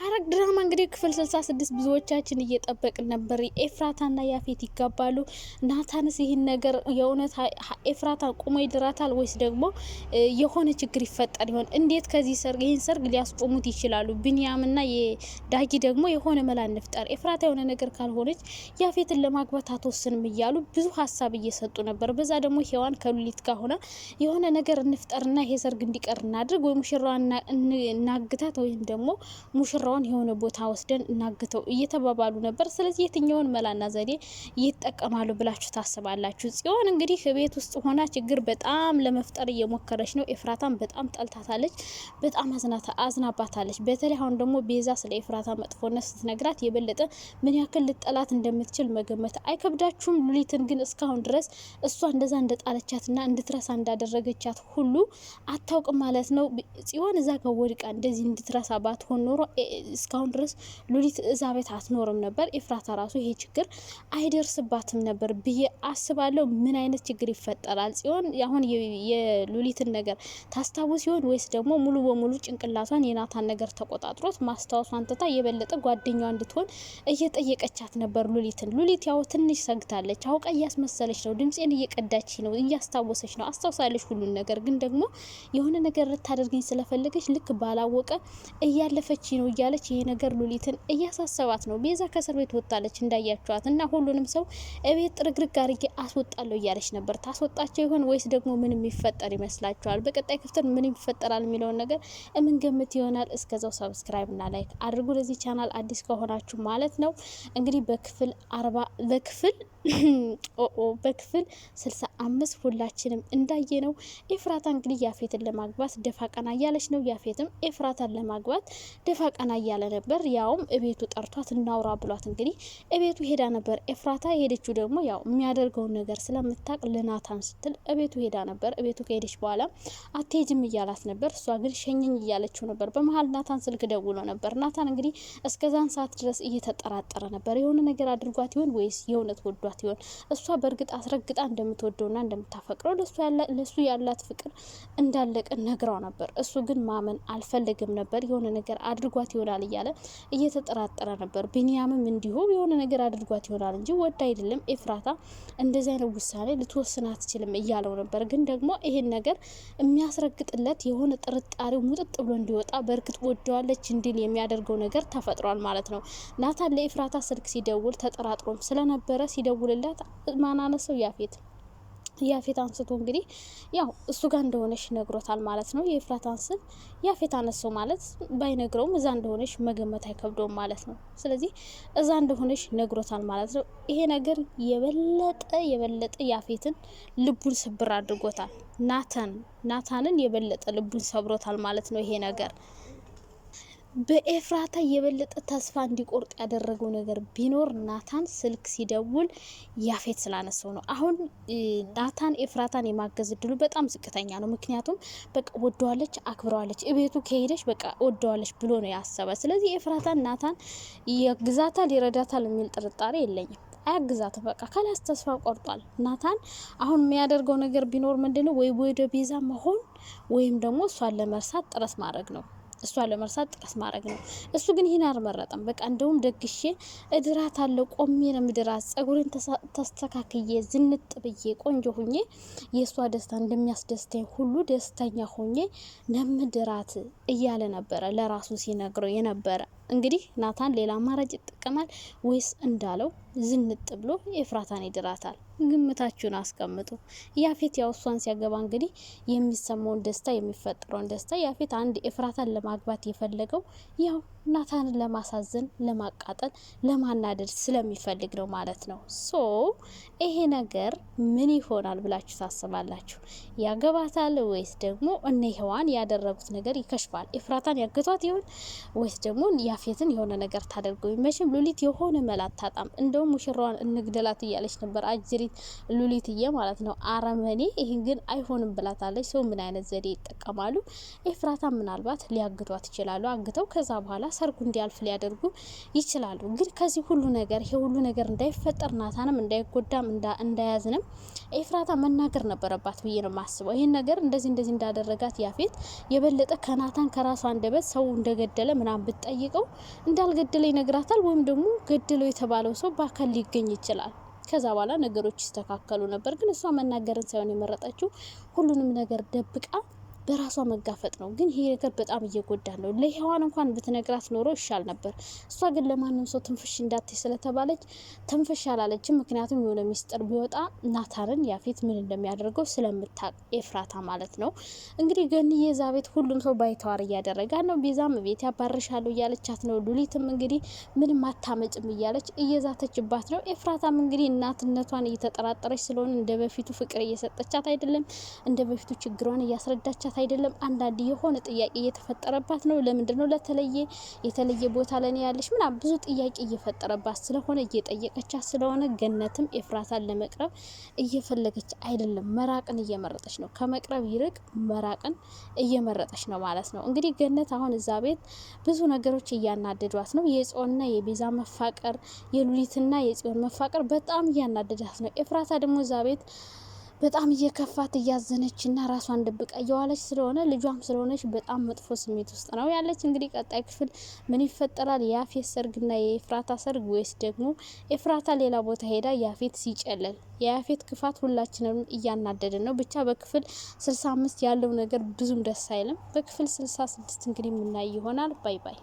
ሐረግ ድራማ እንግዲህ ክፍል ስልሳ ስድስት ብዙዎቻችን እየጠበቅን ነበር። ኤፍራታና ያፌት ይጋባሉ። ናታንስ ይህን ነገር የእውነት ኤፍራታን ቁሞ ይድራታል ወይስ ደግሞ የሆነ ችግር ይፈጠር ይሆን? እንዴት ከዚህ ሰርግ ይህን ሰርግ ሊያስቆሙት ይችላሉ? ብንያምና የዳጊ ደግሞ የሆነ መላ እንፍጠር፣ ኤፍራታ የሆነ ነገር ካልሆነች ያፌትን ለማግባት አትወስንም እያሉ ብዙ ሀሳብ እየሰጡ ነበር። በዛ ደግሞ ሄዋን ከሉሊት ጋር ሆና የሆነ ነገር እንፍጠርና ይሄ ሰርግ እንዲቀር እናድርግ፣ ወይ ሙሽራ እናግታት ወይም ደግሞ ሙሽራ ስራውን የሆነ ቦታ ወስደን እናግተው እየተባባሉ ነበር። ስለዚህ የትኛውን መላና ዘዴ ይጠቀማሉ ብላችሁ ታስባላችሁ? ጽዮን እንግዲህ ቤት ውስጥ ሆና ችግር በጣም ለመፍጠር እየሞከረች ነው። ኤፍራታን በጣም ጠልታታለች፣ በጣም አዝናታ አዝናባታለች። በተለይ አሁን ደግሞ ቤዛ ስለ ኤፍራታ መጥፎነት ስትነግራት የበለጠ ምን ያክል ልጠላት እንደምትችል መገመት አይከብዳችሁም? ሉሊትን ግን እስካሁን ድረስ እሷ እንደዛ እንደጣለቻትና እንድትረሳ እንዳደረገቻት ሁሉ አታውቅም ማለት ነው። ጽዮን እዛ ጋር ወድቃ እንደዚህ እንድትረሳ ባትሆን ኖሮ እስካሁን ድረስ ሉሊት እዛ ቤት አትኖርም ነበር። ኤፍራታ ራሱ ይሄ ችግር አይደርስባትም ነበር ብዬ አስባለሁ። ምን አይነት ችግር ይፈጠራል ሲሆን አሁን የሉሊትን ነገር ታስታውስ ሲሆን ወይስ ደግሞ ሙሉ በሙሉ ጭንቅላቷን የናታን ነገር ተቆጣጥሮት ማስታወሷን ትታ የበለጠ ጓደኛ እንድትሆን እየጠየቀቻት ነበር ሉሊትን። ሉሊት ያው ትንሽ ሰግታለች። አውቃ እያስመሰለች ነው፣ ድምፄን እየቀዳች ነው፣ እያስታወሰች ነው፣ አስታውሳለች ሁሉን ነገር። ግን ደግሞ የሆነ ነገር ልታደርገኝ ስለፈለገች ልክ ባላወቀ እያለፈች ነው እያ እያለች ይሄ ነገር ሉሊትን እያሳሰባት ነው። ቤዛ ከእስር ቤት ወጣለች እንዳያቸዋት እና ሁሉንም ሰው እቤት ጥርግርግ አርጌ አስወጣለሁ እያለች ነበር። ታስወጣቸው ይሆን ወይስ ደግሞ ምን የሚፈጠር ይመስላችኋል? በቀጣይ ክፍል ምን ይፈጠራል የሚለውን ነገር የምንገምት ይሆናል። እስከዛው ሰብስክራይብ እና ላይክ አድርጉ ለዚህ ቻናል አዲስ ከሆናችሁ ማለት ነው። እንግዲህ በክፍል አርባ በክፍል ኦኦ በክፍል ስልሳ አምስት ሁላችንም እንዳየ ነው። ኤፍራታ እንግዲህ ያፌትን ለማግባት ደፋ ቀና እያለች ነው። ያፌትም ኤፍራታን ለማግባት ደፋ ቀና እያለ ነበር። ያውም እቤቱ ጠርቷት እናውራ ብሏት እንግዲህ እቤቱ ሄዳ ነበር። ኤፍራታ ሄደችው ደግሞ ያው የሚያደርገውን ነገር ስለምታቅ ልናታን ስትል እቤቱ ሄዳ ነበር። እቤቱ ከሄደች በኋላ አትሄጅም እያላት ነበር። እሷ ግን ሸኘኝ እያለችው ነበር። በመሀል ናታን ስልክ ደውሎ ነበር። ናታን እንግዲህ እስከዛን ሰዓት ድረስ እየተጠራጠረ ነበር። የሆነ ነገር አድርጓት ይሆን ወይስ የእውነት ወዷት ይኖራት ይሆን? እሷ በእርግጥ አስረግጣ እንደምትወደውና እንደምታፈቅረው ለሱ ያላት ፍቅር እንዳለቀ ነግራው ነበር። እሱ ግን ማመን አልፈለግም ነበር። የሆነ ነገር አድርጓት ይሆናል እያለ እየተጠራጠረ ነበር። ቢንያምም እንዲሁ የሆነ ነገር አድርጓት ይሆናል እንጂ ወድ አይደለም ኤፍራታ እንደዚህ አይነት ውሳኔ ልትወስን አትችልም እያለው ነበር። ግን ደግሞ ይሄን ነገር የሚያስረግጥለት የሆነ ጥርጣሬው ሙጥጥ ብሎ እንዲወጣ በእርግጥ ወደዋለች እንዲል የሚያደርገው ነገር ተፈጥሯል ማለት ነው። ናታን ለኤፍራታ ስልክ ሲደውል ተጠራጥሮም ስለነበረ ሲደውል ሲደውልላት ማን አነሰው? ያፌት ያፌት አንስቶ እንግዲህ ያው እሱ ጋር እንደሆነሽ ነግሮታል ማለት ነው። የኤፍራታን ስል ያፌት አነሰው ማለት ባይነግረውም እዛ እንደሆነሽ መገመት አይከብደውም ማለት ነው። ስለዚህ እዛ እንደሆነሽ ነግሮታል ማለት ነው። ይሄ ነገር የበለጠ የበለጠ ያፌትን ልቡን ስብር አድርጎታል። ናታን ናታንን የበለጠ ልቡን ሰብሮታል ማለት ነው ይሄ ነገር በኤፍራታ የበለጠ ተስፋ እንዲቆርጥ ያደረገው ነገር ቢኖር ናታን ስልክ ሲደውል ያፌት ስላነሰው ነው። አሁን ናታን ኤፍራታን የማገዝ እድሉ በጣም ዝቅተኛ ነው። ምክንያቱም በቃ ወደዋለች፣ አክብረዋለች፣ እቤቱ ከሄደች በቃ ወደዋለች ብሎ ነው ያሰበ። ስለዚህ ኤፍራታን ናታን ያግዛታል፣ ይረዳታል የሚል ጥርጣሬ የለኝም። አያግዛትም። በቃ ካላስ ተስፋ ቆርጧል። ናታን አሁን የሚያደርገው ነገር ቢኖር ምንድነው? ወይ ወደ ቤዛ መሆን ወይም ደግሞ እሷን ለመርሳት ጥረት ማድረግ ነው። እሷ ለመርሳት ጥረት ማድረግ ነው። እሱ ግን ይህን አልመረጠም። በቃ እንደውም ደግሼ እድራት አለው ቆሜ ነው ምድራት ጸጉሬን ተስተካክዬ ዝንጥ ብዬ ቆንጆ ሁኜ የእሷ ደስታ እንደሚያስደስተኝ ሁሉ ደስተኛ ሁኜ ነምድራት እያለ ነበረ ለራሱ ሲነግረው የነበረ። እንግዲህ ናታን ሌላ አማራጭ ይጠቀማል ወይስ እንዳለው ዝንጥ ብሎ ኤፍራታን ይድራታል? ግምታችሁን አስቀምጡ። ያፌት ያው እሷን ሲያገባ እንግዲህ የሚሰማውን ደስታ የሚፈጥረውን ደስታ ያፌት አንድ ኤፍራታን ለማግባት የፈለገው ያው ናታን ለማሳዘን፣ ለማቃጠል፣ ለማናደድ ስለሚፈልግ ነው ማለት ነው። ሶ ይሄ ነገር ምን ይሆናል ብላችሁ ታስባላችሁ? ያገባታል ወይስ ደግሞ እነ ህዋን ያደረጉት ነገር ይከሽፋል? ኤፍራታን ያገቷት ይሆን ወይስ ደግሞ ያፌትን የሆነ ነገር ታደርገው? መቼም ሉሊት የሆነ መላ አታጣም። እንደውም ሙሽራዋን እንግደላት እያለች ነበር አጅሪት ሉሊትዬ ማለት ነው። አረመኔ ይህን ግን አይሆንም ብላታለች። ሰው ምን አይነት ዘዴ ይጠቀማሉ? ኤፍራታ ምናልባት ሊያግዷት ይችላሉ። አግተው ከዛ በኋላ ሰርጉ እንዲያልፍ ሊያደርጉ ይችላሉ። ግን ከዚህ ሁሉ ነገር ይሄ ሁሉ ነገር እንዳይፈጠር ናታንም እንዳይጎዳም እንዳያዝንም ኤፍራታ መናገር ነበረባት ብዬ ነው የማስበው። ይህን ነገር እንደዚህ እንደዚህ እንዳደረጋት ያፌት የበለጠ ከናታን ከራሷ አንደበት ሰው እንደገደለ ምናምን ብትጠይቀው እንዳልገደለ ይነግራታል ወይም ደግሞ ገድለው የተባለው ሰው በአካል ሊገኝ ይችላል። ከዛ በኋላ ነገሮች ይስተካከሉ ነበር። ግን እሷ መናገርን ሳይሆን የመረጠችው ሁሉንም ነገር ደብቃ በራሷ መጋፈጥ ነው። ግን ይሄ ነገር በጣም እየጎዳ ነው። ለሔዋን እንኳን ብትነግራት ኖሮ ይሻል ነበር። እሷ ግን ለማንም ሰው ትንፍሽ እንዳትይ ስለተባለች ትንፍሽ አላለችም። ምክንያቱም የሆነ ሚስጥር ቢወጣ ናታንን ያፌት ምን እንደሚያደርገው ስለምታቅ ኤፍራታ ማለት ነው። እንግዲህ ገንዬ የዛ ቤት ሁሉም ሰው ባይተዋር እያደረጋ ነው። ቤዛም ቤት ያባርሻለሁ እያለቻት ነው። ሉሊትም እንግዲህ ምንም አታመጭም እያለች እየዛተችባት ነው። ኤፍራታም እንግዲህ እናትነቷን እየተጠራጠረች ስለሆነ እንደ በፊቱ ፍቅር እየሰጠቻት አይደለም። እንደ በፊቱ ችግሯን እያስረዳቻት እየጠየቃት አይደለም። አንዳንድ የሆነ ጥያቄ እየተፈጠረባት ነው። ለምንድን ነው ለተለየ የተለየ ቦታ ለእኔ ያለሽ? ምናምን ብዙ ጥያቄ እየፈጠረባት ስለሆነ እየጠየቀቻት ስለሆነ ገነትም ኤፍራታን ለመቅረብ እየፈለገች አይደለም። መራቅን እየመረጠች ነው። ከመቅረብ ይርቅ መራቅን እየመረጠች ነው ማለት ነው። እንግዲህ ገነት አሁን እዛ ቤት ብዙ ነገሮች እያናደዷት ነው። የጽዮንና የቤዛ መፋቀር፣ የሉሊትና የጽዮን መፋቀር በጣም እያናደዳት ነው። ኤፍራታ ደግሞ እዛ ቤት በጣም እየከፋት እያዘነች እና ራሷን ደብቃ እየዋለች ስለሆነ ልጇም ስለሆነች በጣም መጥፎ ስሜት ውስጥ ነው ያለች። እንግዲህ ቀጣይ ክፍል ምን ይፈጠራል? የአፌት ሰርግና የኤፍራታ ሰርግ ወይስ ደግሞ ኤፍራታ ሌላ ቦታ ሄዳ የአፌት ሲጨለል የአፌት ክፋት ሁላችንም እያናደድን ነው። ብቻ በክፍል አምስት ያለው ነገር ብዙም ደስ አይልም። በክፍል ስድስት እንግዲህ የምናይ ይሆናል። ባይ ባይ።